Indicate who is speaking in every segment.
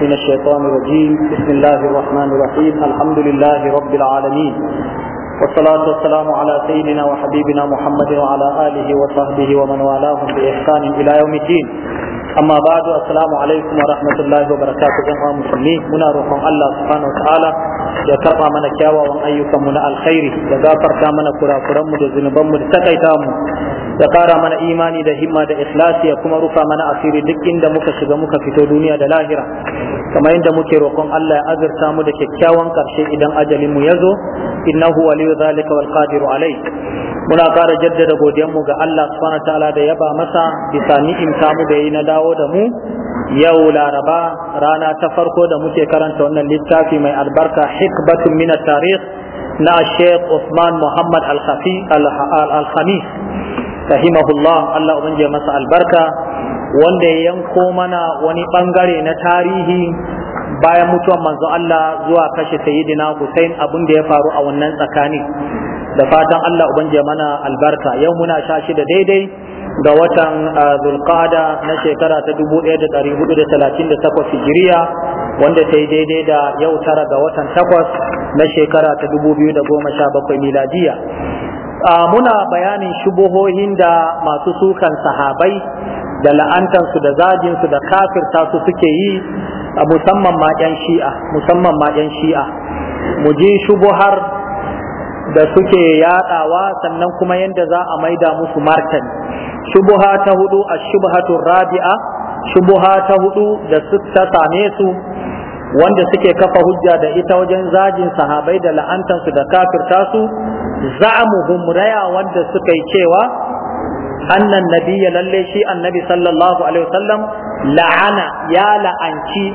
Speaker 1: من الشيطان الرجيم بسم الله الرحمن الرحيم الحمد لله رب العالمين والصلاة والسلام على سيدنا وحبيبنا محمد وعلى آله وصحبه ومن والاهم بإحسان إلى يوم الدين أما بعد السلام عليكم ورحمة الله وبركاته جمع مسلمين منا روح الله سبحانه وتعالى ya karba mana kyawawan ayyukanmu na alkhairi da gafarta mana kurakuranmu da zunubanmu da takaita mu ya ƙara mana imani da himma da ikhlasi ya kuma rufa mana asiri duk inda muka shiga muka fito duniya da lahira kamar inda muke roƙon Allah ya azurta mu da kyakkyawan ƙarshe idan ajalin mu ya zo innahu waliyu zalika wal qadiru alai muna ƙara jaddada godiyar mu ga Allah subhanahu ta'ala da yaba masa bisa ni'imta mu da yi na dawo da mu yau laraba rana ta farko da muke karanta wannan littafi mai albarka hikbatun min tarikh na Sheikh Usman Muhammad Al-Khafi Al-Khamis rahimahullah Allah ubangiji masa albarka wanda ya yanko mana wani bangare na tarihi bayan mutuwan manzo Allah zuwa kashe sayyidina Hussein abin da ya faru a wannan tsakani da fatan Allah ubangiji mana albarka yau muna sha shida daidai ga watan uh, Zulqada na shekara ta 1438 Hijiriya wanda ta yi daidai da yau tara ga watan takwas na shekara ta 2017 miladiya Ah, muna bayanin shubuhohin da masu sukan sahabai da la'antansu da zajinsu da kafirta su suke yi ah, musamman ma'yan shi'a musamman ma'yan shi'a mu ji shubuhar da suke yadawa sannan kuma yadda za a maida musu martani shubuha ta hudu a shubhatun rabi'a shubuha ta hudu da su ta same su wanda suke kafa hujja da ita wajen zajin sahabai da la'antansu da kafirta su za'amuhum raya wanda suka yi cewa annan nabiyya lalle shi annabi sallallahu alaihi wasallam la'ana ya la'anci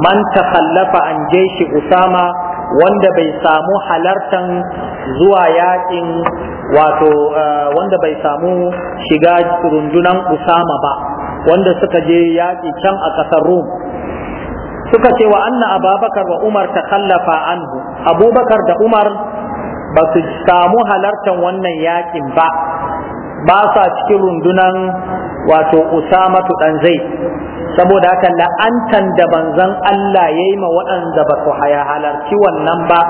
Speaker 1: man takhallafa an jeshi usama wanda bai samu halartan zuwa yakin wato eh, wanda bai samu shiga rundunan usama ba wanda suka je yaƙi can a ƙasar rum suka ce wa anna Abubakar wa umar takhallafa anhu abubakar da umar ba su samu halartar wannan yakin ba ba sa cikin rundunan wato usamatu dan zai saboda haka la'antan da banzan Allah ya yi ma waɗanda ba su halarci wannan ba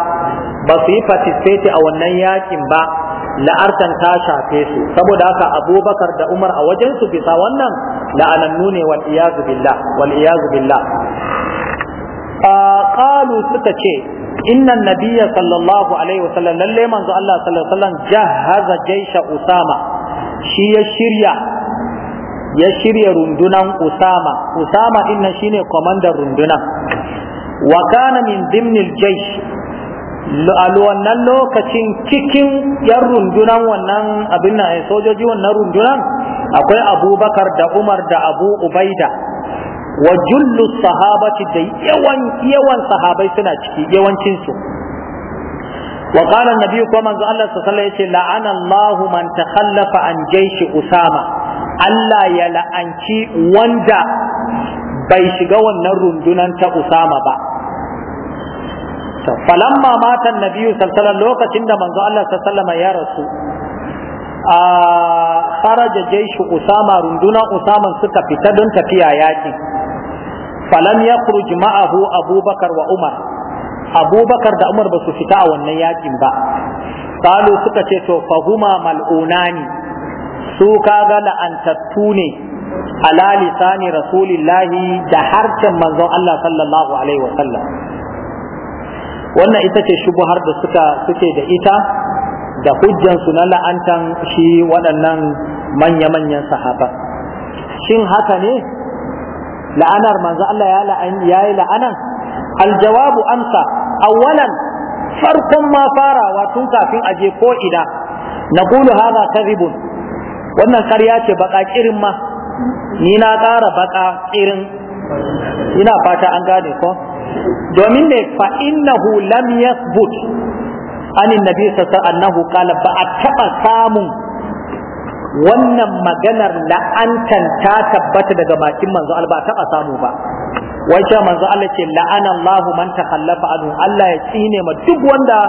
Speaker 1: ba su yi participate a wannan yakin ba la'artan ta shafe su saboda haka abubakar da umar a wajen su bisa wannan la'anannu ne wal iyazu billah wal iyazu billah ah, suka ce inna nabiyya sallallahu alaihi wasallam lalle manzo Allah sallallahu alaihi wasallam jahaza jaisha usama shi ya shirya ya shirya rundunan usama usama inna shine komandan runduna wa kana min dimnil jaish a wannan lokacin cikin yan rundunan wannan abin na eh, sojoji wannan rundunan akwai abubakar da umar da abu ubaida wa jullu sahabati da yawan yawan sahabai suna ciki yawancin su wa qala annabi ko manzo Allah sallallahu alaihi wasallam la'ana Allahu man takhallafa an jaishi Usama Allah ya la'anci wanda bai shiga wannan rundunan ta Usama ba falamma mata annabi sallallahu alaihi wasallam lokacin da manzo Allah sallallahu alaihi wasallam ya rasu a faraja jaishi Usama rundunan Usama suka fita don tafiya yaki falam ya kuruji ma'ahu abubakar wa umar abubakar da umar ba su fita a wannan yakin ba kalu suka ce to fahuma mal'unani su kaga la'antattu ne ala lisani rasulillahi da harshen manzon Allah sallallahu alaihi wannan ita ce shubuhar da suka suke da ita da hujjansu na la'antan shi waɗannan manya-manyan sahaba shin haka ne la'anar manzo Allah ya yi yayi la'anan aljawabu amsa awwalan farkon ma farawa tun kafin aje ko ina naqulu hadha kadhibun wannan ƙarya ce baka kirin ma ni na ƙara baka kirin ina fata an gane ko domin ne fa innahu lam yathbut anin nabi sallallahu alaihi wasallam annahu qala ba a taba samun wannan maganar la'antan ta tabbata daga bakin manzo Allah ba taɓa samu ba wai cewa manzo Allah ce la'ana Allah man takhallafa anhu Allah ya tsine ma duk wanda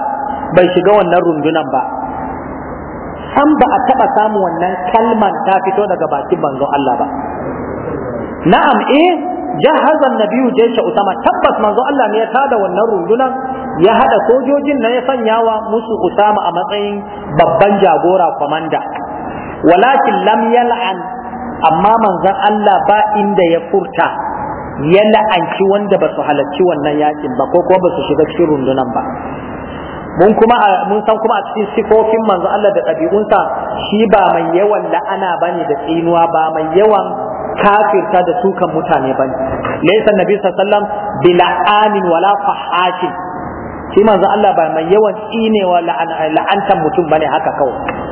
Speaker 1: bai shiga wannan rundunan ba An ba a taba samu wannan kalman ta fito daga bakin manzo Allah ba na'am eh jahaza nabiyu jaysha usama tabbas manzo Allah ne ya tada wannan rundunan ya hada sojojin na ya sanya wa musu usama a matsayin babban jagora kwamanda walakin lam yal'an amma manzon Allah ba inda ya furta ya la'anci wanda ba su halarci wannan yakin ba ko kuma ba su shiga cikin rundunan ba mun kuma mun san kuma a cikin sifofin manzo Allah da ɗabi'unsa shi ba mai yawan la'ana bane da tsinuwa ba mai yawan kafirta da sukan mutane bane laysa nabi sallallahu bila amin wala fahashin shi manzo Allah ba mai yawan tsinewa la'anta mutum bane haka kawai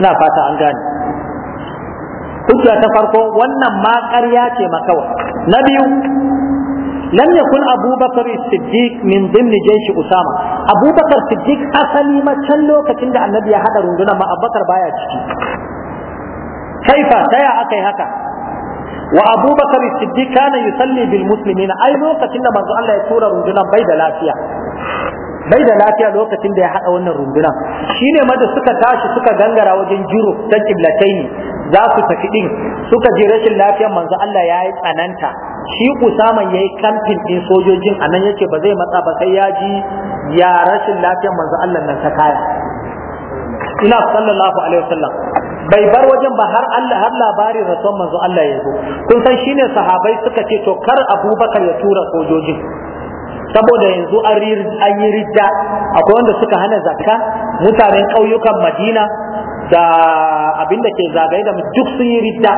Speaker 1: ina fata an gane hujja ta farko wannan ma ƙarya ce makawa na biyu lam yakun abubakar siddiq min dimni jaishi usama abubakar siddiq asali ma can lokacin da annabi ya hada rundunar ma abubakar baya ciki kaifa taya aka yi haka wa abubakar siddiq kana yusalli bil muslimina ai lokacin da manzo Allah ya tura rundunar bai da lafiya bai da lafiya lokacin da ya haɗa wannan rundunan shine ma da suka tashi suka gangara wajen juro ta kiblataini za su tafi ɗin, suka je rashin lafiyar manzo Allah ya yi tsananta shi ya yayi kamfin ɗin sojojin anan yake ba zai matsa ba sai ya ji ya rashin lafiyar manzo Allah nan ta kaya ina sallallahu alaihi wasallam bai bar wajen ba har Allah har labarin rasuwan manzo Allah ya zo kun san shine sahabai suka ce to kar Abubakar ya tura sojojin saboda yanzu an yi rijja akwai wanda suka hana zakka mutanen ƙauyukan madina da abin da ke zagaye da duk sun yi rijja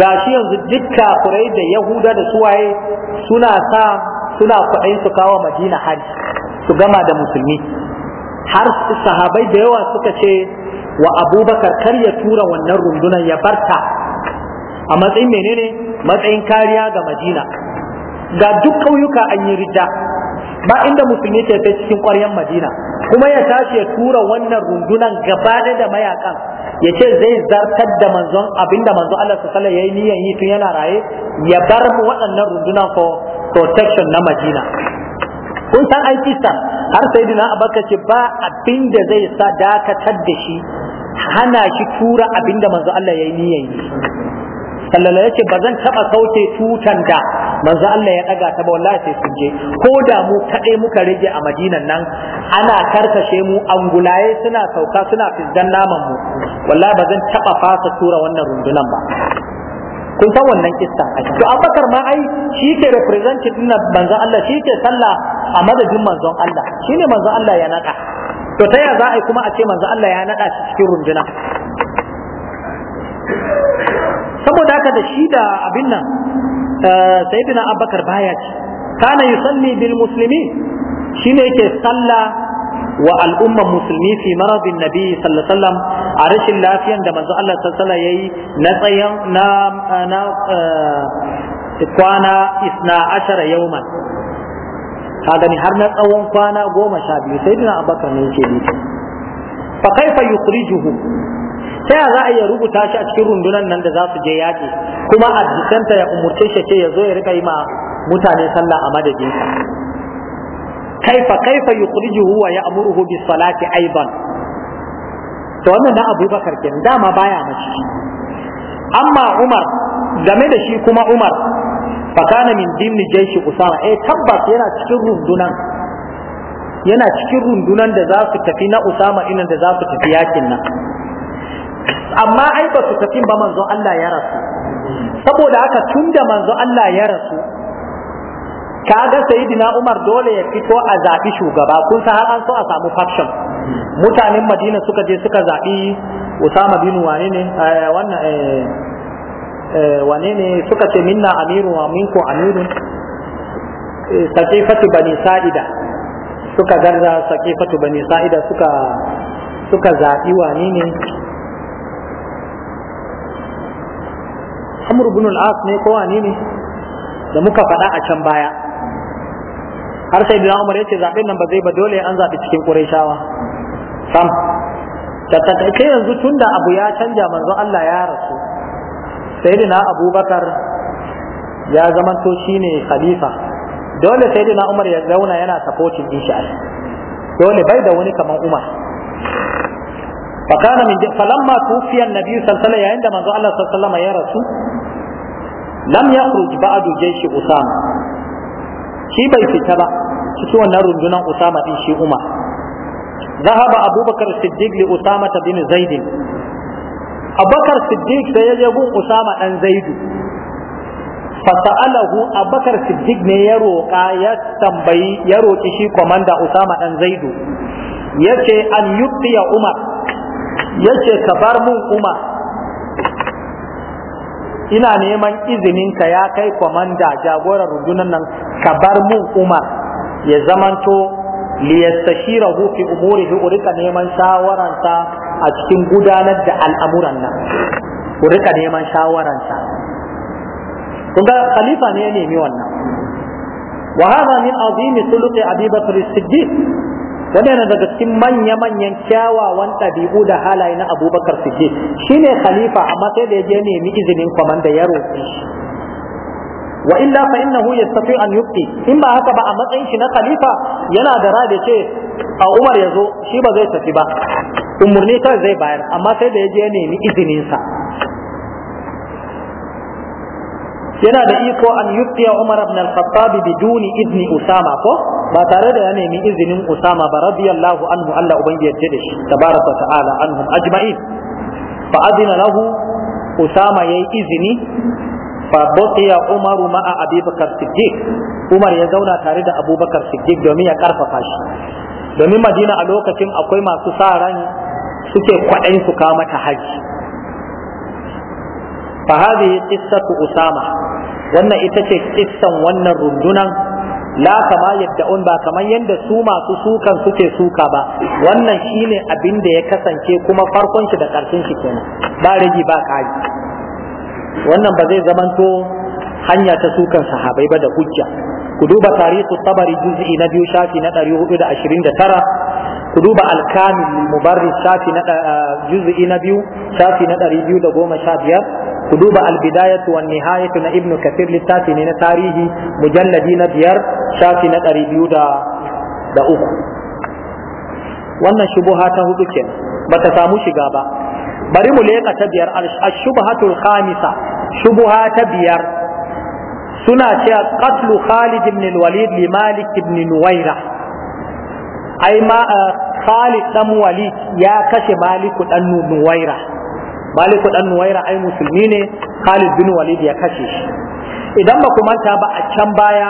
Speaker 1: ga shi yanzu duk kafirai da yahuda da suwaye suna sa suna kwaɗayin su kawo madina har su gama da musulmi har sahabai da yawa suka ce wa abubakar kar ya tura wannan rundunar ya barta a matsayin menene matsayin kariya ga madina ga duk ƙauyuka an yi ridda ba inda musulmi ke kai cikin ƙwaryar madina kuma ya tashi ya tura wannan rundunan gaba da mayakan ya ce zai zartar da manzon abinda manzon Allah su ya yi niyan yi tun yana raye ya bar mu waɗannan rundunan for protection na madina kun san an sa har sai dina abaka ce ba abinda zai sa dakatar da shi hana shi tura abinda manzon Allah ya yi niyan yi sallallahu ya ce ba zan taɓa sauke tutan da manzo Allah ya daga ta ba wallahi sai sun je ko da mu kade muka rage a madinan nan ana karkashe mu angulaye suna sauka suna fizdan naman mu wallahi ba zan taba fasa tura wannan rundunan ba kun san wannan kissa to abakar ma ai shi ke representing din manzon Allah shi ke sallah a madadin manzon Allah shine manzon Allah ya nada to ta ya za a yi kuma a ce manzon Allah ya nada shi cikin runduna saboda haka da shi da abin nan Eh, sayyidina abubakar baya ci kana yusalli bil muslimin shine ke sallah wa al'ummar musulmi fi maradin nabi sallallahu a rashin lafiyan da manzo Allah sallallahu yayi na tsayan na eh, na eh, kwana isna ashara yawman ka gani har na tsawon kwana goma sha biyu sai abakar ne fa ta ya za a iya rubuta shi a cikin rundunan nan da za su je yaƙi kuma a addisanta ya umurce shi ce ya zo ya rika yi ma mutane sallah a madadinsa kaifa kaifa yukhrijuhu wa ya'muruhu bis salati aidan to wannan na Abubakar kenan dama baya mace amma Umar game da shi kuma Umar fakana min dimni jaishi Usama eh tabbas yana cikin rundunan yana cikin rundunan da za su tafi na Usama inan da za su tafi yakin nan amma ai ba su tafi ba manzon Allah ya rasu saboda haka tunda manzon Allah ya rasu kaga sayyidina Umar dole ya fito a zaɓi shugaba kun san har an so a samu faction mutanen Madina suka je suka zaɓi Usama bin wane ne eh, wannan eh, eh, wane ne suka ce minna amiru wa minku amirun sakifatu bani sa'ida suka garza sakifatu bani sa'ida suka suka zaɓi wane ne amr ibn al ne ko wani ne da muka faɗa a can baya har sai da umar yace zaben nan ba zai ba dole an zabi cikin quraishawa sam ta ta yanzu tunda abu ya canja manzo Allah ya rasu sayyidina abubakar ya zamanto shine khalifa dole sayyidina umar ya zauna yana supporting din shi dole bai da wani kaman umar فكان من فلما توفي النبي صلى الله عليه وسلم عندما الله صلى الله عليه وسلم يرسو lam a ba'du shi usama shi bai fita ba cikin wannan rundunar usama din shi umar ba abubakar siddiq li usama bin zaidin. abubakar siddiq sai ya je gun usama dan zaid fasa'alahu abubakar siddiq ne ya roƙa ya tambayi ya roƙi shi komanda usama dan Ya yace an yubtiya umar yace ka bar mun umar ina neman ka ya kai kwamanda jagoran rundunar nan ka bar mun umar ya zamanto liyastashira fi hu urika neman shawaransa a cikin gudanar da al'amuran nan urika neman shawaransa kun ga khalifa ne ya nemi wannan wa hada min azimi suluqi abi bakr as-siddiq wanda daga cikin manya-manyan kyawawan ɗabi'u da halaye na abubakar shi ne khalifa amma sai da ya je nemi izinin kwamanda ya roƙi wa illa fa innahu yastati an yubqi in ba haka ba a matsayin shi na khalifa yana da rabe ce a Umar ya zo, shi ba zai tafi ba Umarni kai zai bayar amma sai da ya je nemi izinin sa yana da iko an yubtiya Umar ibn al-Khattab biduni izni Usama ko ba tare da ya nemi izinin Usama ba radiyallahu anhu Allah ubangi yarda da shi tabaraka ta'ala anhum ajma'in fa adina lahu Usama yayi izini fa baqiya Umar ma'a Abi Bakar Siddiq Umar ya zauna tare da Abu Bakar Siddiq domin ya karfafa shi domin Madina a lokacin akwai masu sa ran suke kwaɗayin su kama ta haji fa hadhihi qissatu Usama wannan ita ce kissan wannan rundunan la kama un ba kamar yadda su masu sukan suke suka ba wannan shine abin da ya kasance kuma farkon shi da karshen shi kenan ba rage ba kai wannan ba zai zamanto hanya ta sukan sahabai ba da hujja ku duba tarihu tabari juz'i na biyu shafi na 429 ku duba alkamil mubarris shafi na eh, juz'i na biyu shafi na 215 ku duba albidayatu wan nihayatu na ibnu kathir littafi ne na tarihi mujalladi na biyar shafi na ɗari biyu da uku wannan shubuha ta hudu ke ta samu shiga ba bari mu leƙa ta biyar ashubhatul khamisa shubuha ta biyar suna cewa qatlu Khalid ibn al-Walid li Malik ibn Nuwaira ai ma eh, Khalid dan Walid ya kashe Malik dan Nuwaira maliku dan nuwaira ai musulmi ne khalid bin walid ya kashe shi idan ba manta ba a can baya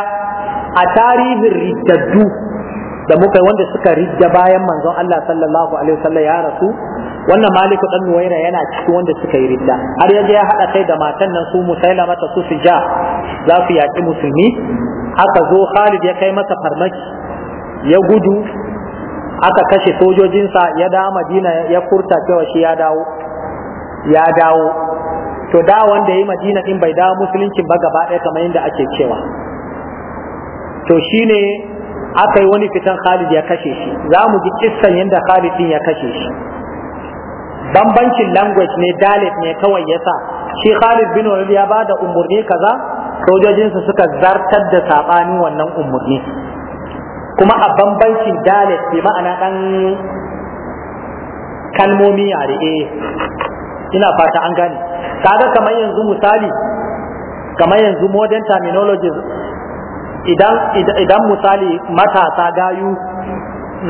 Speaker 1: a tarihin riddaddu da muka wanda suka ridda bayan manzon Allah sallallahu alaihi wasallam ya rasu wannan maliku dan nuwaira yana cikin wanda suka yi ridda har yaje ya hada kai da matan nan su musailama ta su sija za su yaki musulmi aka zo Khalid ya kai masa farmaki ya gudu aka kashe sojojinsa ya dawo Madina ya furta cewa shi ya dawo ya dawo to da wanda ya yi madina din bai dawo musuluncin ba gaba ɗaya kamar yadda ake cewa to shine aka yi wani fitan Khalid ya kashe shi za mu ji kissan yadda Khalid din ya kashe shi bambancin language ne dalit ne kawai yasa shi Khalid bin Walid ya ba da umurni kaza sojojinsa suka zartar da saɓanin wannan umurni kuma a bambancin dalit bi ma'ana ɗan kalmomi yare eh ina fata an gane kaga kamar yanzu misali kamar yanzu modern terminology, idan idan misali matasa gayu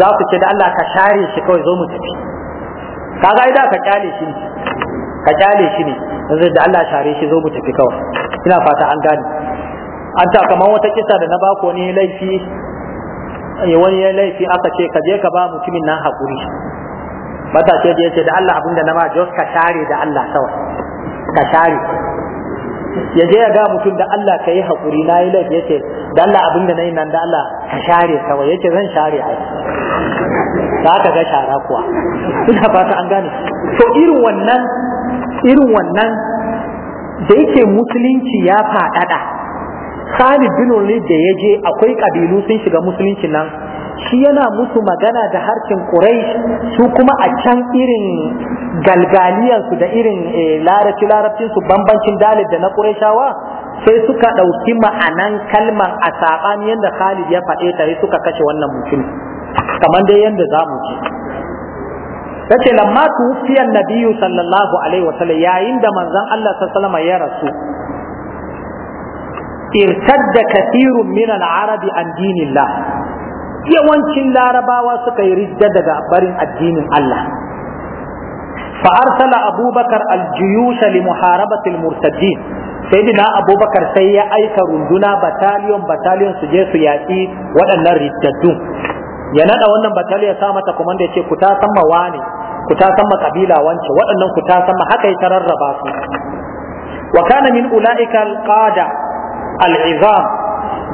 Speaker 1: za ku ce da Allah ka share shi kawai zo mu tafi kaga ida ka kyale shi ne ka kyale shi ne yanzu da Allah share shi zo mu tafi kawai ina fata an gane an ta kamar wata kisa da na bako ne laifi wani ya laifi aka ce ka je ka ba mutumin nan hakuri matashi da yace da Allah abinda na ma jos ka share da Allah sawa ka share ya je ya ga mutum da Allah ka yi na yi laifi yace da Allah abinda na yi nan da Allah ka share sawa yace zan share ai za ka ga shara kuwa ina fata an gane to irin wannan irin wannan da yake musulunci ya faɗaɗa Khalid bin Walid da ya je akwai kabilu sun shiga musulunci nan shi yana musu magana da harkin Quraysh su kuma a can irin galgaliyansu da irin eh, larabci larabcin su bambancin dalil da na Qurayshawa sai suka ɗauki ma'anan kalmar a saban yadda Khalid ya faɗe ta sai suka kashe wannan mutum kamar dai yadda za mu ji tace lamma tufiyan nabiyyu sallallahu alaihi wasallam yayin da manzon Allah sallallahu alaihi ya rasu irtadda kathirun min al-arabi an dinillah yawancin larabawa suka yi ridda daga barin addinin Allah fa arsala abubakar aljuyush li muharabati almurtadin sayyidina abubakar sai ya aika runduna bataliyon battalion su je su yaƙi waɗannan riddaddun ya naɗa wannan battalion sa mata komanda ce ku ta san mawane ku ta san kabila wance waɗannan ku ta san haka ya tararraba su wa kana min ulaika alqada al'izam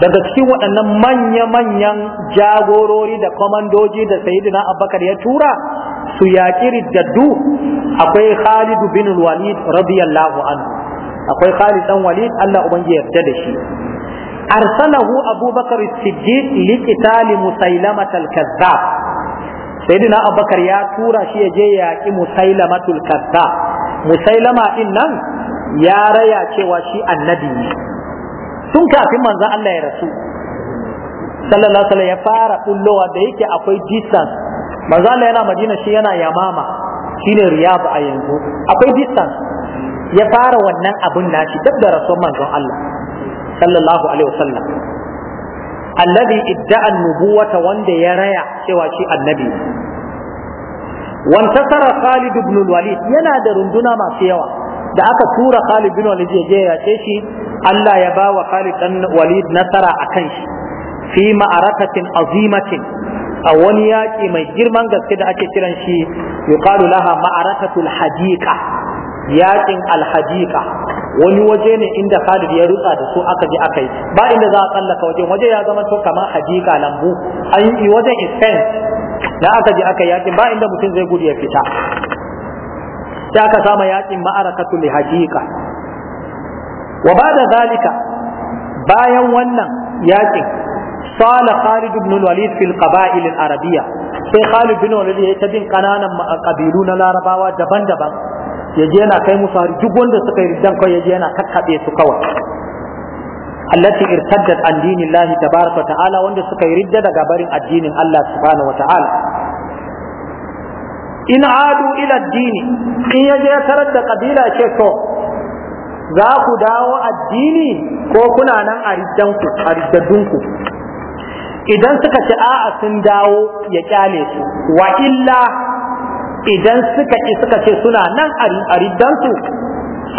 Speaker 1: daga cikin waɗannan manya-manyan jagorori da kwamandoji da sayidina abubakar ya tura su yaƙi riddaddu akwai khalidu bin walid radiyallahu anhu akwai khalid dan walid Allah ubangi yarda da shi arsalahu abubakar siddiq Likitali musailamatal al-kazzab sayyidina abubakar ya tura shi ya je yaƙi musailamatul kazzab musailama din nan ya raya cewa shi annabi ne tun kafin manzan Allah ya rasu sallallahu alaihi ya fara kullowa da yake akwai distance manzo Allah yana Madina shi yana Yamama shine Riyadh a yanzu akwai distance ya fara wannan abun nashi duk da rasul manzan Allah sallallahu alaihi wasallam alladhi idda'a an-nubuwata wanda ya raya cewa shi annabi wantasara Khalid ibn al-Walid yana da runduna masu yawa da aka tura Khalid bin Walid ya je ya ce shi Allah ya ba wa Khalid dan Walid nasara akan shi fi ma'arakatin azimatin a wani yaƙi mai girman gaske da ake kiran shi yuqalu laha ma'arakatul hadiqa yaƙin alhadiqa wani waje ne inda Khalid ya rutsa da su aka je aka yi ba inda za a tsallaka waje waje ya zama to kamar hadiqa lambu an yi wajen isen aka je aka yaƙin ba inda mutum zai gudu ya fita sai aka sama yakin ma'arakatu li haqiqa wa ba'da zalika bayan wannan yakin sala Khalid ibn Walid fil qaba'il al arabiyya sai Khalid ibn Walid ya ta kananan kabilu na Larabawa daban-daban yaje yana kai musu har duk wanda suka yi riddan kai yaje yana kakkabe su kawai allati irtaddat an dinillahi tabaraka ta'ala wanda suka yi ridda daga barin addinin Allah ta'ala in adu ila addini in ya je tarar da kabila ce to za ku dawo addini ko kuna nan a riddanku a riddadunku idan suka ce a'a sun dawo ya kyale su wa illa idan suka suka ce suna nan a riddansu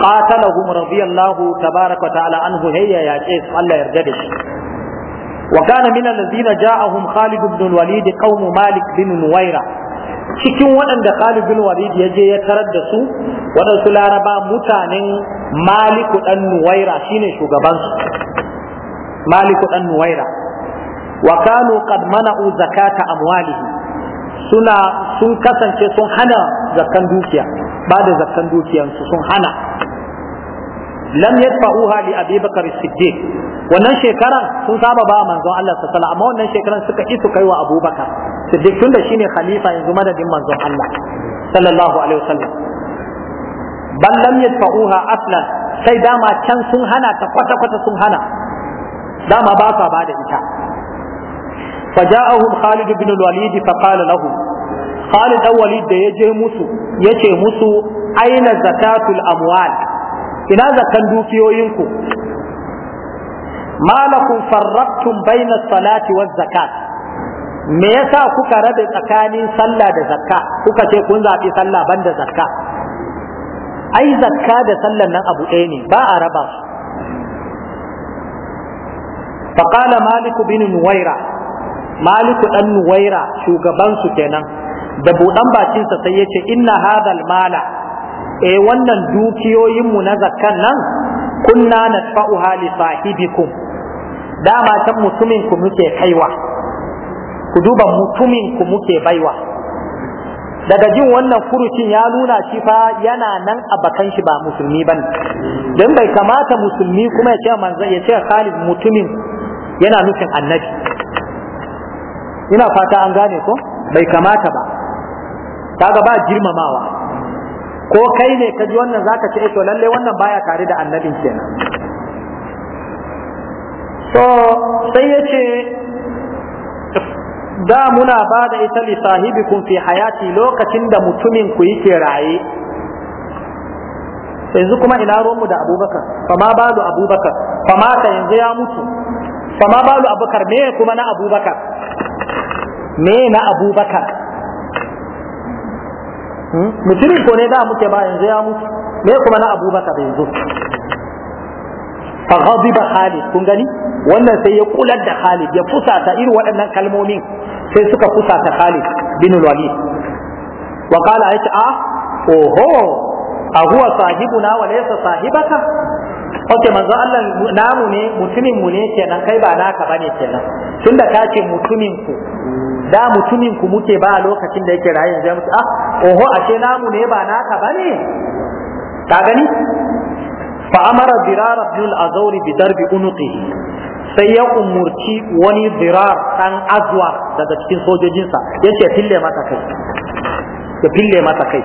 Speaker 1: qatalahum radiyallahu tabaraka ta'ala anhu hayya ya ce Allah yarda da shi wa kana min allazina ja'ahum Khalid ibn walid qaum Malik bin Nuwaira cikin waɗanda Khalid bin Walid ya je ya tarar da su waɗansu Laraba mutanen Maliku ɗan Nuwaira shine shugaban su Maliku ɗan Nuwaira wa kanu qad mana'u zakata amwalihi suna sun kasance sun hana zakkan dukiya ba da zakkan dukiyansu sun hana lam yadfa'uha li Abi Bakar Siddiq wannan shekaran sun saba ba manzon Allah sallallahu alaihi amma wannan shekaran suka isu kai wa Abu Bakar Siddiq tunda shine khalifa yanzu madadin manzon Allah sallallahu alaihi wasallam bal lam yadfa'uha aslan sai dama can sun hana ta kwata kwata sun hana dama ba sa ba da ita فجاءهم خالد بن الوليد فقال له خالد الوليد da yaje musu yace musu aina zakatul ina zakan dukiyoyinku malakum farraqtum baina salati waz zakat me yasa kuka rabe tsakanin sallah da zakka kuka ce kun zaɓi sallah banda zakka ai zakka da sallah nan abu ɗaya ne ba a raba su faqala Maliku bin nuwaira Maliku dan nuwaira shugaban su kenan da buɗan bakinsa sai yace inna hadal mala eh wannan dukiyoyinmu na zakkan nan kunna nadfa'uha li sahibikum dama can mutumin ku muke kaiwa ku duba mutumin ku muke baiwa daga jin wannan furucin ya nuna shi fa yana nan a bakan shi ba musulmi bane don bai kamata musulmi kuma ya ce manzo ya ce Khalid mutumin yana nufin annabi ina fata an gane ko bai kamata ba kaga ba girmamawa ko kai ne ka ji wannan zaka ce eh, to lalle wannan baya tare da annabin kenan so sai ya ce da muna ba da ita li sahibikum fi hayati lokacin da mutumin ku yake raye yanzu kuma ina ruwanmu da abubakar fama balu abubakar fama ka yanzu ya mutu fama balu abubakar me kuma na abubakar me na abubakar Hmm? mutumin ko ne da muke ba yanzu ya mutu me kuma na abubakar yanzu fa ghadiba khalid kun gani wannan sai ya kular da khalid ya fusata irin waɗannan kalmomin sai suka fusata khalid bin walid wa qala ayta a ah, oho a huwa sahibuna wa laysa sahibaka ok manzo Allah namu ne mutumin mu ne kenan kai ba naka bane kenan tunda ka ce mutumin ku da mutumin ku muke ba lokacin da yake rayu zai mutu ah oho ashe namu ne ba naka bane ka gani fa amara dirar ibn azawri bi darbi unuqihi sai ya umurci wani dirar dan azwa daga cikin sojojinsa yace fille masa kai ya fille masa kai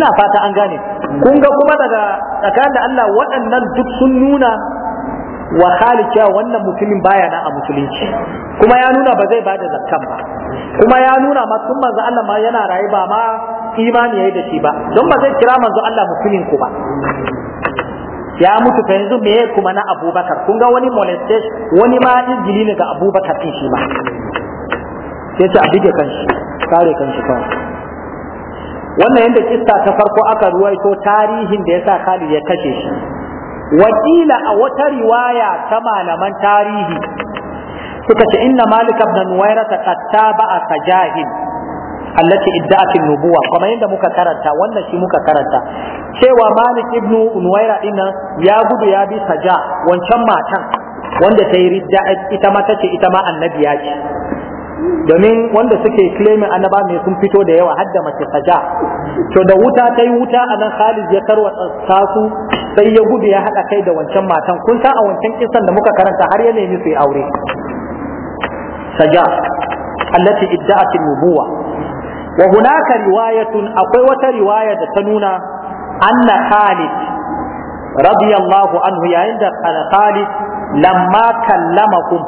Speaker 1: ina fata an gane kun ga kuma daga tsakanin da Allah waɗannan duk sun nuna wa Khalid cewa wannan mutumin baya na a musulunci kuma ya nuna ba zai bada zakkan ba kuma ya nuna ma tun manzo Allah ma yana rayu ba ma imani yayi da shi ba don ba zai kira manzo Allah mutumin ku ba ya mutu fa yanzu me kuma na Abubakar kun ga wani molestation wani ma injili ne ga Abubakar din shi ma sai ta abige kanshi kare kanshi fa wannan yadda kista ta farko aka ruwaito tarihin da yasa Khalid ya kashe shi wakila a wata riwaya ta malaman tarihi suka ce inna malik ibn nuwaira ta qattaba a sajahid allati idda'at nubuwa kamar yadda muka karanta wannan shi muka karanta cewa malik ibn nuwaira dinnan ya gudu ya bi saja wancan matan wanda ta yi ridda ita ma tace ita ma annabiya ce domin wanda suke claimin annaba mai sun fito da yawa hadda mace saja to da wuta ta yi wuta a nan khalid ya tarwatsa su sai ya gudu ya haɗa kai da wancan matan kun san a wancan kisan da muka karanta har ya nemi su yi aure saja allati idda'at nubuwa wa hunaka riwayatun akwai wata riwaya da ta nuna anna Khalid radiyallahu anhu yayin da Khalid lamma kallamakum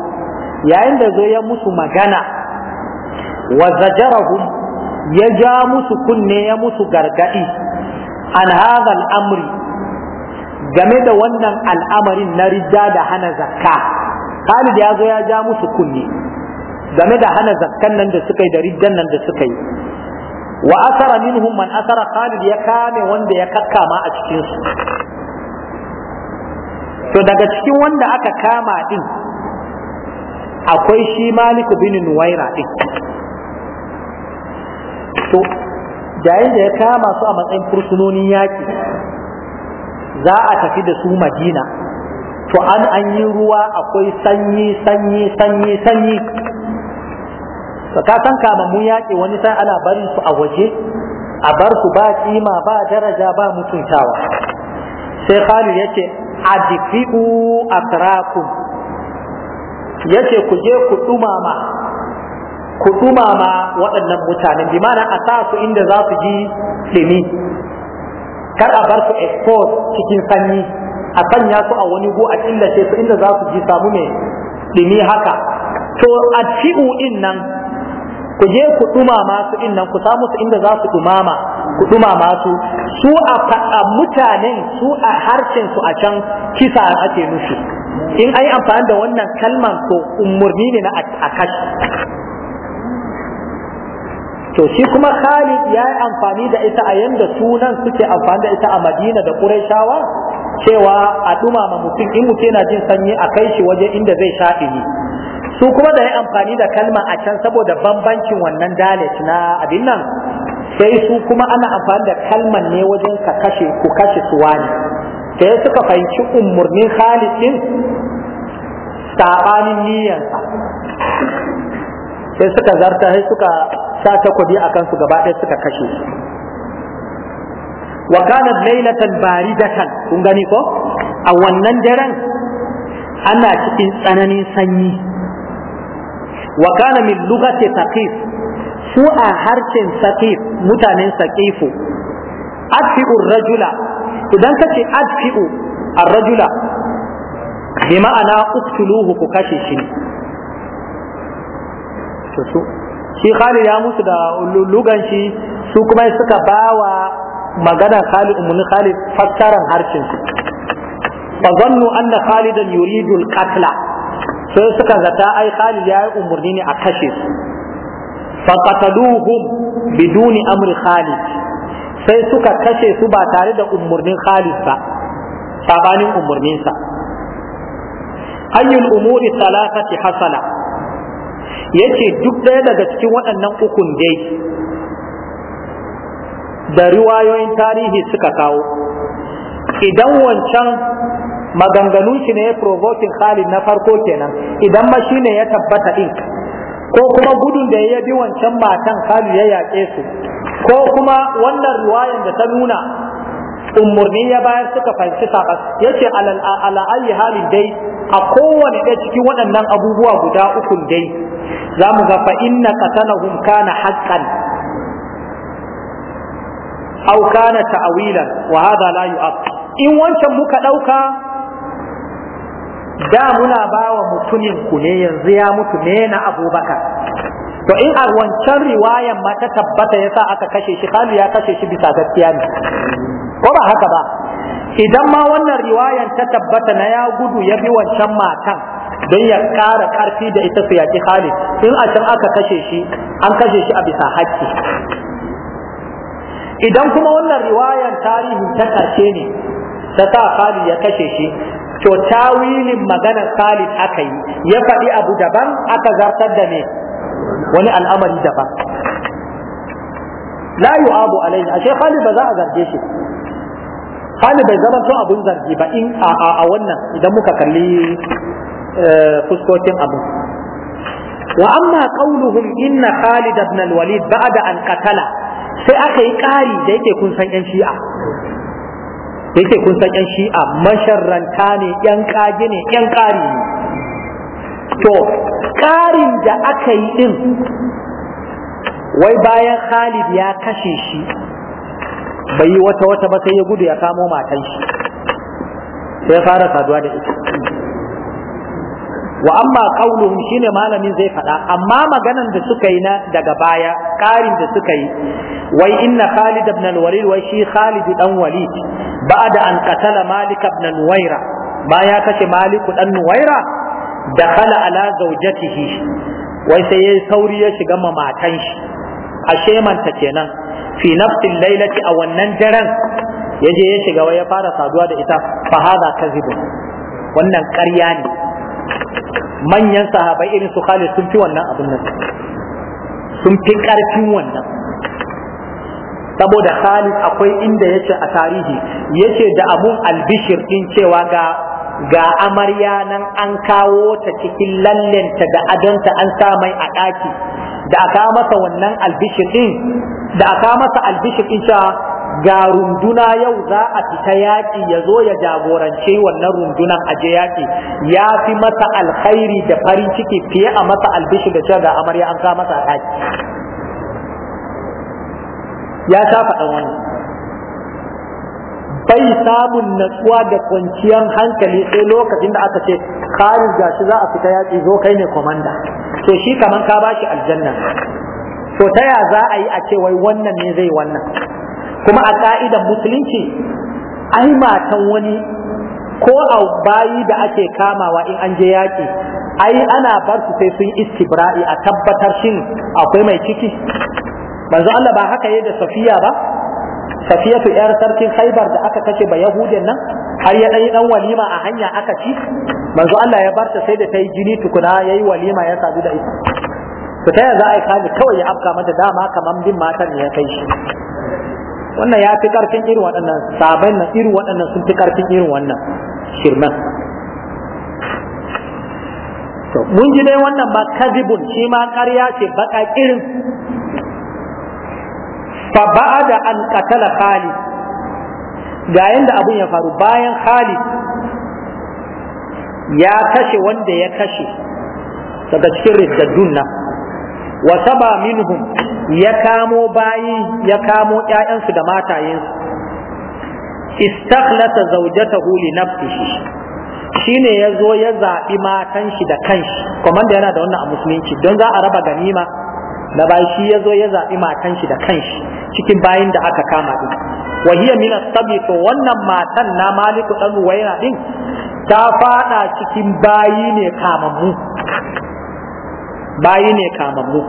Speaker 1: yayin da zo ya musu magana wa zajarahum ya ja musu kunne ya musu gargadi an hadha al-amri game da wannan al'amarin na ridda da hana zakka Khalid ya zo ya ja musu kunni game da hana zakkan nan da suka yi da rijjan nan da suka yi wa asara minhum man asara Khalid ya kame wanda ya kakkama a cikin su to daga cikin wanda aka kama din akwai shi Malik bin Nuwaira din to yayin da ya kama su a matsayin fursunonin yaki za a tafi da su madina to an an yi ruwa akwai sanyi sanyi sanyi sanyi ka san kama mun yaƙi wani sai ana barin su a waje a bar su ba kima ba daraja ba mutuntawa sai Khalid ya ce adifi'u atrakum ya ce ku je ku dumama ku dumama waɗannan mutanen bi mana a sa su inda za su ji ɗumi kar a bar su expose cikin sanyi a sanya su a wani go a killace su inda za su ji samu ne dumi haka to a adfi'u in nan ku je ku dumama su in nan ku samu su inda za su dumama ku dumama su su a mutanen su a harshen su a can kisa ake nufi in ai amfani da wannan kalman ko umurni ne na a kashi to shi kuma Khalid ya yi amfani da ita a yanda sunan suke amfani da ita a Madina da Qurayshawa cewa a dumama mutum in mutum yana jin sanyi a kai shi waje inda zai sha ɗumi su kuma da ya amfani da kalma a can saboda bambancin wannan dalet na abin nan sai su kuma ana amfani da kalman ne wajen ka kashe ku kashe su wani sai suka fahimci umurnin Khalid din sabanin niyyarsa sai suka zarta sai suka sa takobi a kansu gaba ɗaya suka kashe su wa kanat lailatan baridatan kun gani ko a wannan daren ana cikin tsananin sanyi wa kana min lugati saqif su a harshen saqif mutanen saqifu adfi'u rajula idan kace adfi'u ar-rajula bi ma'ana uktuluhu ku kashe shi to su shi Khalid ya musu da lugan shi su kuma suka bawa magana Khalid umman Khalid fassaran harshen su fa zannu anna Khalidan yuridu al-qatla sai suka zata ai Khalid ya yi umurni ne a kashe su fa qataluhum biduni amri Khalid sai suka kashe su ba tare da umurnin Khalid ba sabanin umurninsa ayyul umuri thalathati hasala yace duk ɗaya daga cikin waɗannan ukun dai da riwayoyin tarihi suka kawo idan wancan maganganun shi ne ya provokin halin na farko kenan idan ma shi ne ya tabbata in, ko kuma gudun da ya bi wancan matan halin ya yaƙe su ko kuma wannan riwayan da ta nuna umurni ya bayar suka fahimci saƙas ya ce halin dai a kowane ɗaya cikin waɗannan abubuwa guda ukun dai za mu ga fa'inna qatalahum kana haqqan aw kana ta'awilan wa hadha la in wancan muka ɗauka, da muna bawa mutumin ku ne yanzu ya mutu ne na abubakar to in a wancan riwayan ma ta tabbata yasa aka kashe shi Kalu ya kashe shi bisa gaskiya ne ko ba haka ba idan ma wannan riwayan ta tabbata na ya gudu ya bi wancan matan don ya kara ƙarfi da ita su yaƙi Khalid in a can aka kashe shi an kashe shi a bisa haƙƙi idan kuma wannan riwayar tarihi ta ƙarshe ne ta sa Khalid ya kashe shi to tawilin maganar Khalid aka yi ya faɗi abu daban aka zartar da ne wani al'amari daban la yu'abu alaihi ashe Khalid ba za a zarge shi Khalid bai zama to abun zargi ba in a wannan idan muka kalli fuskokin abu wa amma qauluhum inna Khalid ibn al-Walid ba'da an qatala sai aka yi ƙari da yake kun san yan shi'a yake kun san yan shi'a masharranta ne yan kaji ne yan kari ne to ƙarin da aka yi din wai bayan Khalid ya kashe shi bai yi wata wata ba sai ya gudu ya kamo matan shi sai fara saduwa da ita wa amma qauluhum shine malamin zai faɗa amma maganan da suka yi na daga baya ƙarin da suka yi wai inna Khalid ibn al-Walid wai shi Khalid dan Walid ba'da an qatala Malik ibn Nuwaira ya kace Malik dan Nuwaira dakhala ala zawjatihi wai sai yayi sauri ya shiga ma matan shi ashe manta kenan fi nafsin lailati a wannan daren yaje ya shiga wai ya fara saduwa da ita fa hadha kadhibun wannan ƙarya ne manyan sahabai irin su Khalid sun fi wannan abin nan sun fi ƙarfin wannan saboda Khalid akwai inda yace a tarihi yace da abun albishir din cewa ga ga amarya nan an kawo ta cikin lallenta da adanta an sa mai a ɗaki da aka masa wannan albishir din da aka masa albishir din cewa ga runduna yau za a fita yaƙi ya zo ya jagorance wannan rundunan aje yaƙi ya fi masa alkhairi da farin ciki fiye a masa albishi da cewa ga amarya an sa masa ɗaki ya sha faɗan wani bai samun natsuwa da kwanciyar hankali sai lokacin da aka ce kari gashi za a fita yaƙi zo kai ne komanda to shi kaman ka bashi aljanna to ta ya za a yi a ce wai wannan ne zai wannan kuma a ka'idar musulunci ai matan wani ko a bayi da ake kamawa in an je yaƙi ai ana bar su sai sun istibra'i a tabbatar shin akwai mai ciki manzo Allah ba haka yi da Safiya ba Safiyatu yar sarkin Khaibar da aka kace ba Yahudin nan har ya dai dan walima a hanya aka ci manzo Allah ya barta sai da ta yi jini tukuna yayi walima ya sadu da ita to ta za a yi kawai ya afka mata dama kamar bin matan ne ya kai shi wannan ya fi karfin irin waɗannan sabai na irin waɗannan sun fi karfin irin wannan shirman mun ji dai wannan ba kadibun shi ma ƙarya ce baka irin fa ba'ada an qatala Khalid ga yanda abun ya faru bayan Khalid ya kashe wanda ya kashe daga cikin riddaddun nan wa saba minhum ya kamo bayi ya kamo ƴaƴansu da matayensu istakhlasa zawjatahu li nafsihi shine yazo ya zaɓi matan shi da kanshi da yana da wannan a musulunci don za a raba ganima na bayi shi ya ya zaɓi matan shi da kanshi cikin bayin da aka kama din wa hiya min as-sabi to wannan matan na maliku dan ruwaina din ta fada cikin bayi ne kamammu bayi ne kamammu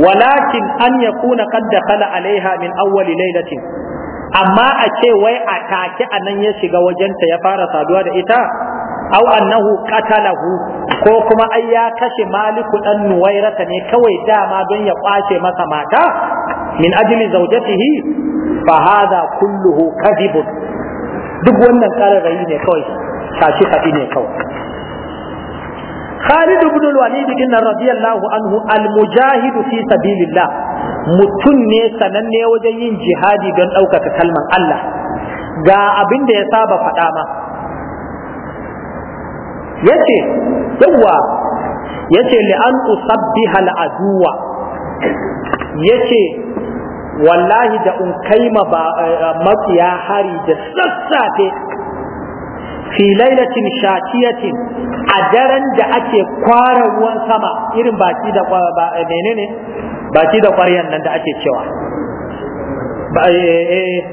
Speaker 1: walakin an yakuna qad Kala alaiha min awwali lailatin amma a ce wai a take a nan ya shiga wajenta ya fara saduwa da ita au annahu qatalahu ko kuma ai ya kashe maliku dan nuwairata ne kawai dama don ya kwace masa mata min ajli zawjatihi fa hadha kulluhu kadhib duk wannan rayi ne kawai shashi kadi ne kawai Khalidu ibn al-Walid bin radiyallahu anhu al-mujahid fi sabilillah mutum ne sananne wajen yin jihadi don ɗaukaka kalman Allah ga abin da ya saba faɗa ma yace yawa yace li an usabbiha al-aduwa yace wallahi da in kai ma eh, makiya hari da sassafe fi lailatin shatiyatin a daren da ake kwara ruwan sama irin baki da eh, menene baki da ƙwaryan nan da ake cewa eh, eh,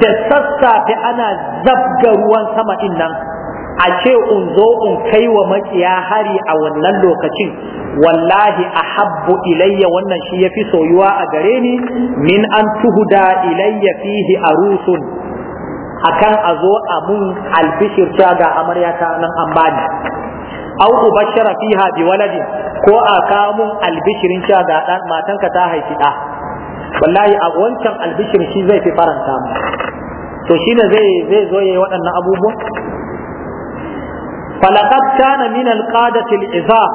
Speaker 1: da sassafe ana zabga ruwan sama din nan a ce in zo in kai wa makiya hari a wannan lokacin wallahi a habbu ilayya wannan shi ya fi soyuwa a gare ni min an tuhuda ilayya fihi arusun akan a zo a mun albishir ta ga amarya nan an bani au ubashara fiha bi waladi ko a kawo mun albishirin ta ga dan matanka ta haifi da wallahi a wancan albishirin shi zai fi faranta mu to shine zai zai zo yayi waɗannan abubuwa falaqad kana min alqadati alizab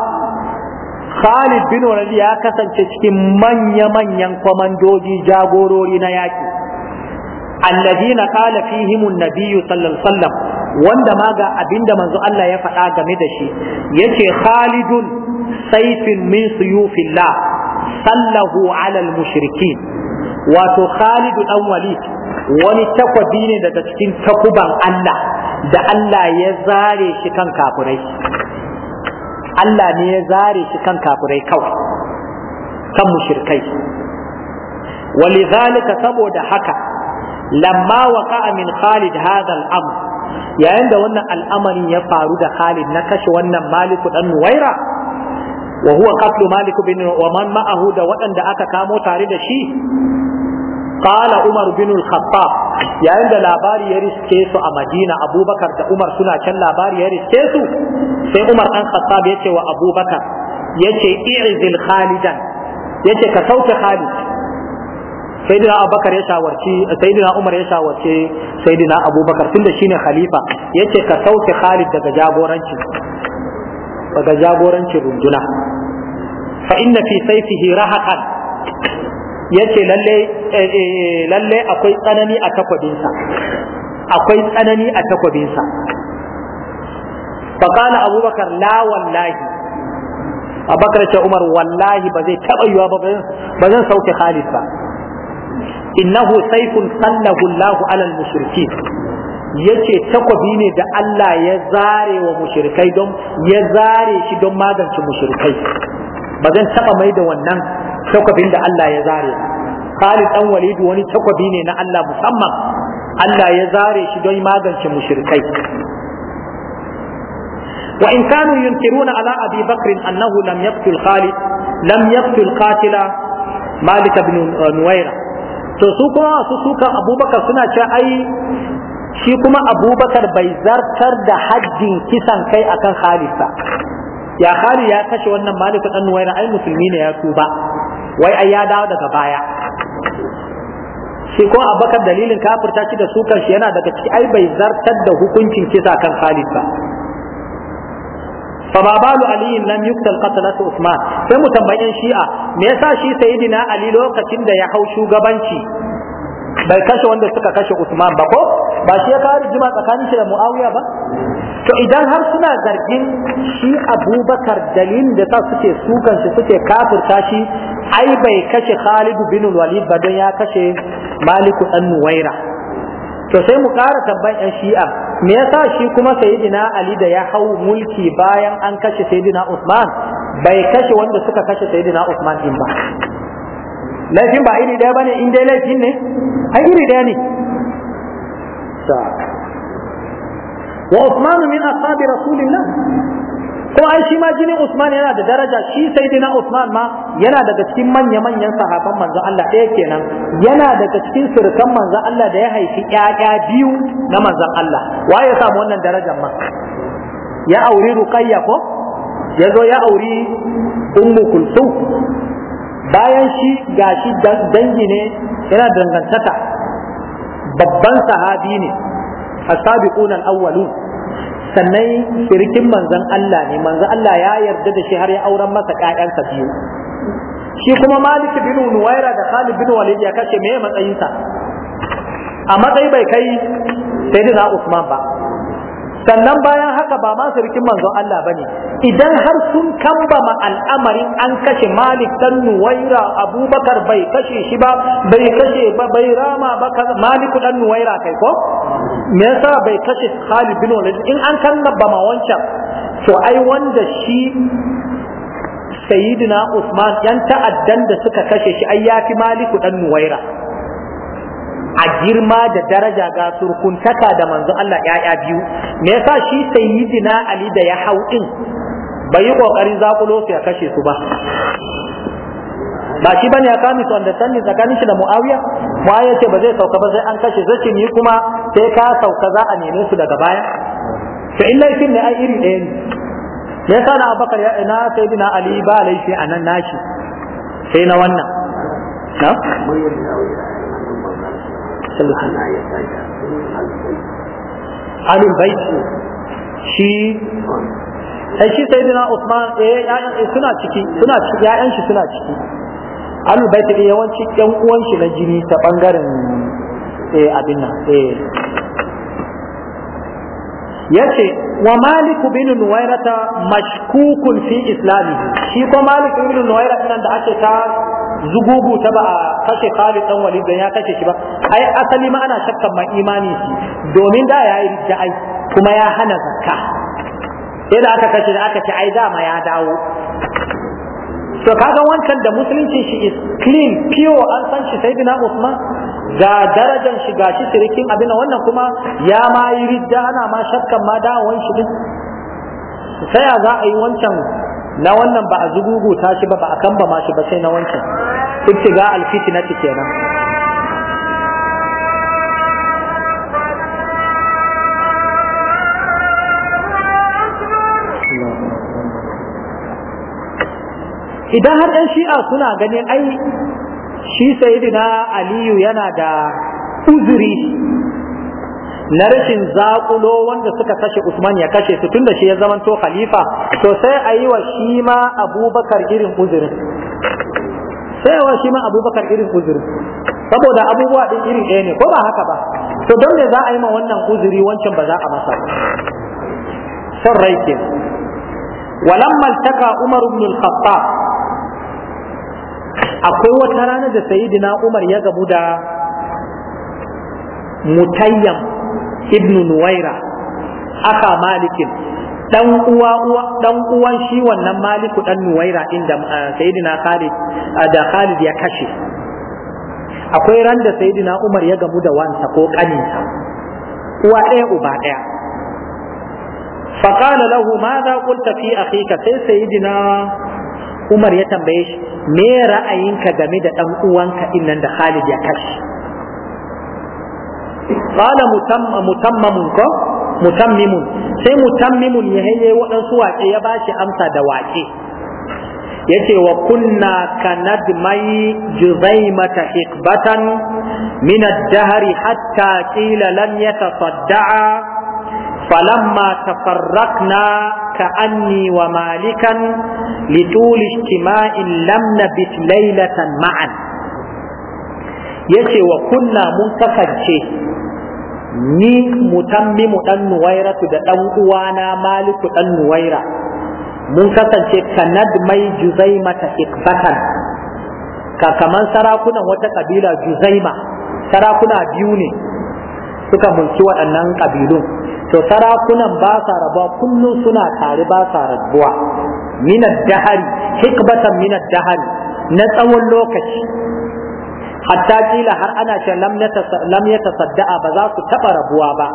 Speaker 1: Khalid bin Walid ya kasance cikin manya-manyan kwamandoji jagorori na yaki alladhina qala fihim an-nabiy sallallahu alaihi wasallam wanda maga abinda manzu Allah ya faɗa game da shi yace khalidun saifin min suyufillah sallahu ala al-mushrikin wato khalidu dan walid wani takwabi ne daga cikin takuban Allah da Allah ya zare shi kan kafirai Allah ne ya zare shi kan kafirai kawai kan mushrikai ولذلك saboda haka lamma waqa'a min Khalid hadha al-amr yayin da wannan al'amarin ya faru da Khalid na kashe wannan Malik dan Nuwaira wa huwa Malik bin wa man waɗanda aka kamo tare da shi قال Umar bin الخطاب yayin da labari ya riske su a Madina Abubakar da Umar suna can labari ya riske su sai Umar dan Khattab ya ce wa Abubakar yace i'zil Khalidan yace ka sauke Khalid sayyidina abubakar ya shawarci sayyidina umar ya shawarci sayyidina abubakar tunda shine khalifa yace ka sauke khalid daga jagorancin runduna fa inna fi sayfihi rahaqan yace eh, eh, eh, lalle akwai tsanani a takwabinsa akwai tsanani a takwabinsa abubakar la wallahi abubakar ce umar wallahi ba zai taba yiwa ba ba zan sauke khalid ba innahu sayfun sallahu Allahu alal mushrikin yace takobi ne da Allah ya zare wa mushrikai don ya zare shi don magance mushrikai ba zan taba mai da wannan takobin da Allah ya zare Khalid dan Walid wani takobi ne na Allah musamman Allah ya zare shi don magance mushrikai وإن كانوا ينكرون على أبي بكر أنه لم يقتل خالد لم يقتل قاتل مالك بن نويرة to su kuma masu suka abubakar suna ce ai shi kuma abubakar bai zartar da hajjin kisan kai akan halisa ya hali ya kashe wannan maliku dan nuwaira ai musulmi ne ya tuba wai ai ya dawo daga baya shi kuma abubakar dalilin kafirta shi da sukan shi yana daga ciki ai bai zartar da hukuncin kisa kan halisa fa babalu balu ali lam yuktal qatlatu usman sai mu tambaye shi'a me yasa shi sayyidina ali lokacin da ya hau shugabanci bai kashe wanda suka kashe usman ba ko ba shi ya kawo jima tsakanin shi da muawiya ba to idan har suna zargin shi abubakar dalilin da sa suke sukan shi suke kafirta shi ai bai kashe khalid bin walid ba don ya kashe maliku dan nuwaira to sai mu ƙara tabban yan shi'a me yasa shi kuma sayyidina ali da ya hau mulki bayan an kashe sayyidina usman bai kashe wanda suka kashe sayyidina usman din ba laifin ba iri daya bane in dai laifin ne ai iri ɗaya ne wa Usmanu min ashabi rasulillah kuma ai shi ma jinin Usman yana da daraja shi sai na Usman ma yana daga cikin manya-manyan sahaban manzo Allah ɗaya kenan yana daga cikin surukan manzo Allah da ya haifi ƴaƴa biyu na manzo Allah wa ya samu wannan darajar ma ya auri Ruqayya ko ya zo ya auri Ummu Kulsum bayan shi gashi dangi ne yana dangantaka babban sahabi ne as-sabiquna al-awwalun sannan shirikin manzan Allah ne manzan Allah ya yarda da shi har ya auren masa ƴaƴansa biyu shi kuma Malik bin Nuwaira da Khalid bin Walid ya kashe me matsayinsa a matsayi bai kai sai da Usman ba sannan bayan haka ba ma rikin manzon Allah bane idan har sun kambama al'amarin an kashe Malik dan Nuwaira Abubakar bai kashe shi ba bai kashe ba bai rama ba Malik dan Nuwaira kai ko me yasa bai kashe Khalid bin Walid in an kambama wancan to ai wanda shi Sayyidina Usman yan ta'addan da suka kashe shi ai yafi Malik dan Nuwaira a girma da daraja ga surkuntaka da manzo Allah ‘ya'ya biyu, me yasa shi sayyidina Ali da ya hau din bai yi ƙoƙarin zaƙulo su ya kashe su ba. Ba shi bane ya kame su wanda sanni tsakanin shi da Muawiya, Muawiya ce ba zai sauka ba sai an kashe zai ni kuma sai ka sauka za a neme su daga baya. To in laifin ne ai iri ɗaya ne. Me yasa na Abubakar ya na sayyidina Ali ba laifi a nan nashi sai na wannan. Na? mutum ana ya sanya alul shi sai shi sai dina Usman eh, eh suna ciki suna ciki ƴaƴan shi suna ciki yawanci ƴan uwan shi na jini ta bangaren eh abin nan eh yace wa malik bin nuwairata mashkukun fi islami shi ko malik bin nuwairata nan da ake ta zugugu ta ba a kashe Khalid dan wali don ya kashe shi ba ai asali ma ana shakkan ma imani shi domin da yayi da ai kuma ya hana zakka sai da aka kashe da aka ce ai dama ya dawo to kaga wancan da musulunci shi is clean pure an san shi sayyidina Usman ga darajar shi ga shi sirikin abin wannan kuma ya ma yi ridda ana ma shakkan ma dawon shi din sai za a yi wancan na wannan ba a ta shi ba ba a kan ba mashi ba sai na wancan na cike nan. idan har ɗan shi'a suna ganin ai shi sayidina aliyu yana da uzuri na rashin zakulo wanda suka kashe Usman ya kashe su tunda shi ya zamanto khalifa to sai a yi wa shi ma Abubakar irin uzurin sai wa shi ma Abubakar irin uzurin saboda abubuwa din irin ɗaya ne ko ba haka ba to don me za a yi ma wannan uzuri wancan ba za a masa son rai ke walamma taka Umar ibn al-Khattab akwai wata rana da Sayyidina Umar ya gabu da mutayyan ابن nuwaira aka malikin dan uwa dan uwan shi wannan maliku dan nuwaira inda ah, sayyidina khalid ah, da khalid ya kashe akwai ran da sayyidina umar ya gamu da wansa ko kaninsa uwa ɗaya uba ɗaya lahu ma za qulta fi akhika sai sayyidina Umar ya tambaye shi me ra'ayinka game da dan uwanka innan da Khalid ya kashi qala mutammamun ko mutammimun sai mutammimun ya haye waɗansu waƙe ya bashi amsa da waƙe yace wa kunna kanad mai juzaimata hikbatan min ad-dahr hatta qila lam yatasadda'a falamma tafarraqna ka'anni wa malikan litul ijtima'in lam nabit laylatan ma'an yace wa kunna mun kasance ni mutammimu dan nuwaira da dan uwana maliku dan nuwaira mun kasance kanad mai ta ikbatan ka kaman sarakunan wata kabila juzaima sarakuna biyu ne suka mulki waɗannan kabilun to sarakunan ba sa rabuwa kullum suna tare ba sa rabuwa minad dahari hikbatan minad dahari na tsawon lokaci hatta kila har ana ce lam ya tasadda'a ba za su taɓa rabuwa ba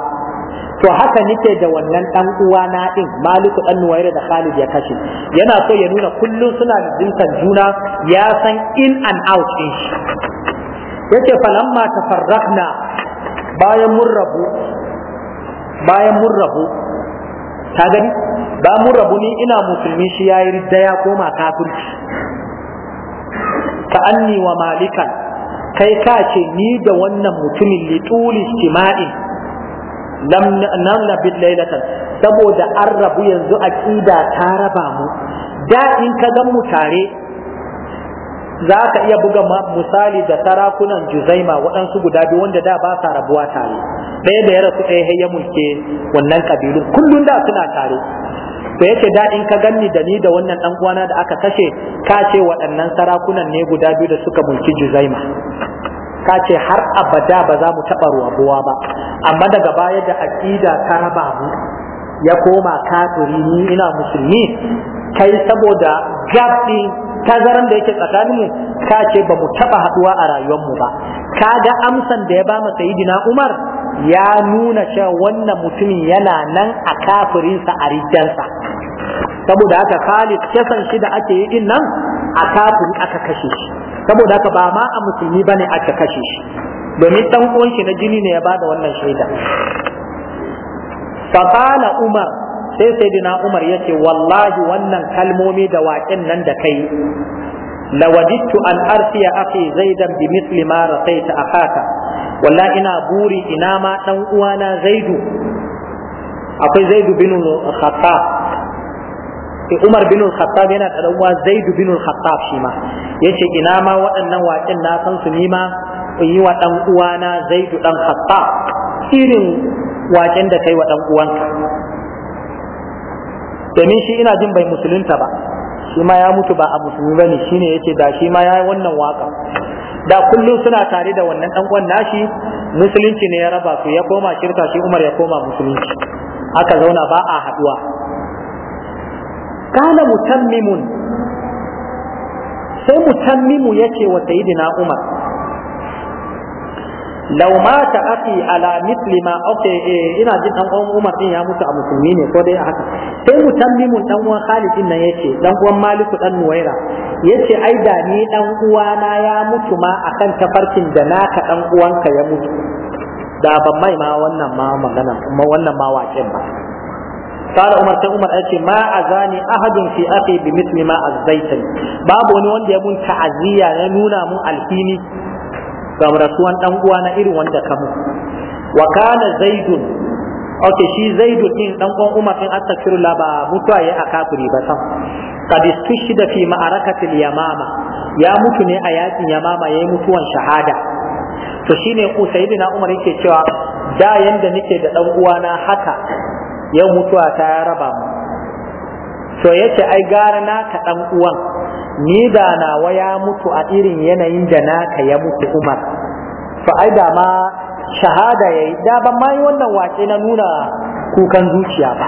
Speaker 1: to haka nike da wannan ɗan uwa na ɗin maliku ɗan nuwaira da khalid ya kashe yana so ya nuna kullum suna da jinsan juna ya san in and out ɗin shi yace falamma tafarraqna bayan mun rabu bayan mun rabu ta gani ba mun rabu ni ina musulmi shi yayi ridda ya koma kafirci ka anni wa malikan kai ka ce ni da wannan mutumin tuli istima'in lam nan bil lailatan saboda an rabu yanzu aqida ta raba mu da in ka ga mu tare za ka iya buga misali da sarakunan juzaima waɗansu guda biyu wanda da ba sa rabuwa tare ɗaya da ya rasu ɗaya ya mulke wannan kabilu kullum da suna tare da yake daɗin ka ganni da ni da wannan ɗan uwana da aka kashe ka ce waɗannan sarakunan ne guda biyu da suka mulki Juzaima ka ce har abada ba za mu taɓa ruwa ba amma daga baya da aƙida ta raba mu ya koma kafiri ni ina musulmi kai saboda ta zaran da yake tsakanin mu ka ce ba mu taɓa haɗuwa a rayuwar ba ka amsan da ya ba mu sayidina umar ya nuna cewa wannan mutumin yana nan a kafirinsa a rijiyarsa saboda haka khalid kisan shi da ake yi din nan a kafin aka kashe shi saboda haka ba ma a musulmi bane aka kashe shi domin ɗan uwan na jini ne ya da wannan shaida faqala umar sai sayyidina umar yace wallahi wannan kalmomi da waƙen nan da kai lawajittu an arsiya akhi zaidan bi misli ma rasaita akaka wallahi ina buri ina ma ɗan uwana zaidu akwai zaidu bin khattab Umar bin Khattab yana da dan Zaid bin Khattab shi ma yace ina ma waɗannan waƙin na san su nima in yi wa dan na Zaid dan Khattab irin waƙin da kai wa dan uwanka domin shi ina jin bai musulunta ba shi ma ya mutu ba a musulmi bane shine yace da shi ma yayi wannan waka da kullum suna tare da wannan dan uwan nashi musulunci ne ya raba su ya koma shirka shi Umar ya koma musulunci aka zauna ba a haduwa kana mutammimun sai mutammimu yace wa sayyidina Umar law mata aki ala mithli ma okay ina jin dan uwan Umar din ya mutu a musulmi ne ko dai haka sai mutammimun dan uwan Khalid din nan yace dan uwan Maliku dan Nuwaira yace ai da ni dan uwana ya mutu ma akan tafarkin da naka dan uwanka ya mutu da ban mai ma wannan ma magana ma wannan ma waken ba kana umar sai umar yace ma azani ahadun fi akhi bi mithli ma azzaitani babu wani wanda ya mun ta'aziyya ya nuna mun alhini ga rasuwan irin wanda ka mu wa kana zaidun okay shi zaidu din dan uwan umar din astaghfirullah ba mutuwa ya akafiri ba sam qad istushida fi yamama ya mutu ne a yakin yamama yayi mutuwan shahada to shi shine usaidina umar yake cewa da yanda nake da dan uwana haka yau mutuwa ta raba mu to yace ai gara naka dan uwan ni da nawa ya mutu a irin yanayin da naka ya mutu Umar fa ai da ma shahada yayi da ban mai wannan wace na nuna kukan zuciya ba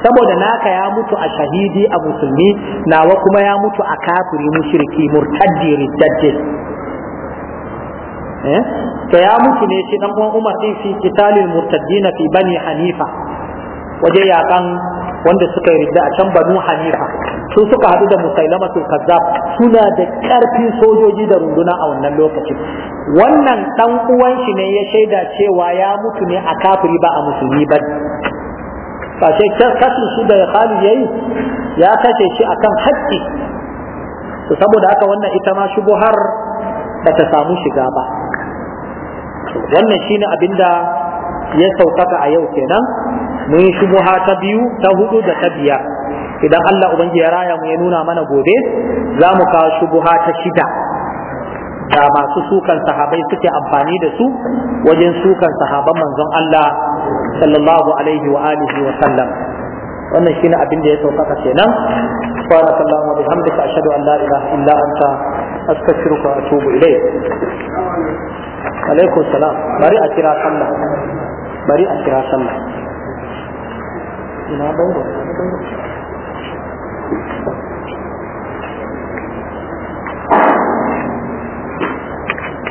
Speaker 1: saboda naka ya mutu a shahidi a musulmi nawa kuma ya mutu a kafiri mushriki murtaddi riddaddi eh? to ya mutu ne shi dan uwan Umar din fi qitalil murtaddina fi bani Hanifa wajen yakan wanda suka yi rida a can banu hanifa su suka haɗu da su kazzab suna da ƙarfin sojoji da runduna a wannan lokaci wannan ɗan uwan shi ne ya shaida cewa ya mutu ne a kafiri ba a musulmi ba ba sai kashin shi da Khalid yayi ya kashe shi akan haƙƙi to saboda haka wannan ita ma har ba ta samu shiga ba wannan shine abinda ya sauƙaƙa a yau kenan mun yi shubuha ta biyu ta hudu da ta biyar idan Allah ubangiji ya raya mu ya nuna mana gobe za mu kawo shubuha ta shida da masu sukan sahabai suke amfani da su wajen sukan sahaban manzon Allah sallallahu alaihi wa alihi wa sallam wannan shine abin da ya sauƙaƙa kenan subhanaka allahumma bihamdika ashhadu an la ilaha illa anta astaghfiruka wa atubu ilayk alaikum salam bari a kira sallah bari a kira sallah වෙනවා බෞද්ධ.